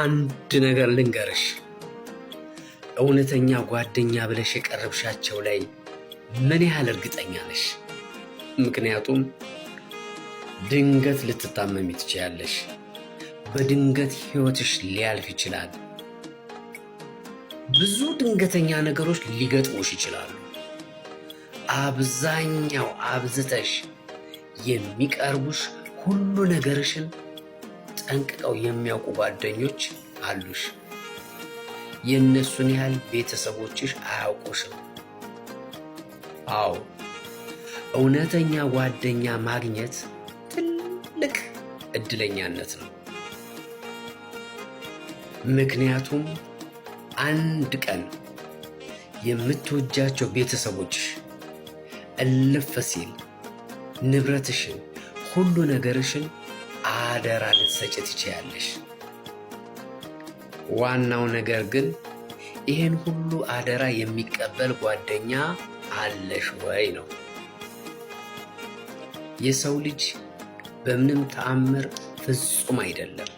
አንድ ነገር ልንገርሽ፣ እውነተኛ ጓደኛ ብለሽ የቀረብሻቸው ላይ ምን ያህል እርግጠኛ ነሽ? ምክንያቱም ድንገት ልትታመሚ ትችያለሽ። በድንገት ህይወትሽ ሊያልፍ ይችላል። ብዙ ድንገተኛ ነገሮች ሊገጥሙሽ ይችላሉ። አብዛኛው አብዝተሽ የሚቀርቡሽ ሁሉ ነገርሽን ጠንቅቀው የሚያውቁ ጓደኞች አሉሽ። የእነሱን ያህል ቤተሰቦችሽ አያውቁሽም። አዎ እውነተኛ ጓደኛ ማግኘት ትልቅ እድለኛነት ነው። ምክንያቱም አንድ ቀን የምትወጃቸው ቤተሰቦችሽ እልፍ ሲል ንብረትሽን፣ ሁሉ ነገርሽን አደራ ልትሰጭ ትችያለሽ። ዋናው ነገር ግን ይህን ሁሉ አደራ የሚቀበል ጓደኛ አለሽ ወይ ነው። የሰው ልጅ በምንም ተአምር ፍጹም አይደለም።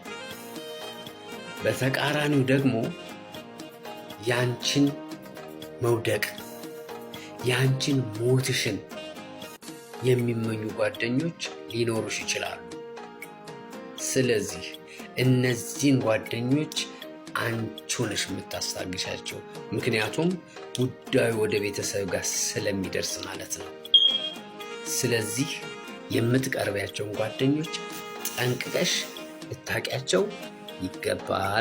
በተቃራኒው ደግሞ ያንቺን መውደቅ ያንቺን ሞትሽን የሚመኙ ጓደኞች ሊኖሩሽ ይችላሉ። ስለዚህ እነዚህን ጓደኞች አንቺ ሆነሽ የምታስታግሻቸው፣ ምክንያቱም ጉዳዩ ወደ ቤተሰብ ጋር ስለሚደርስ ማለት ነው። ስለዚህ የምትቀርቢያቸውን ጓደኞች ጠንቅቀሽ ልታቂያቸው ይገባል።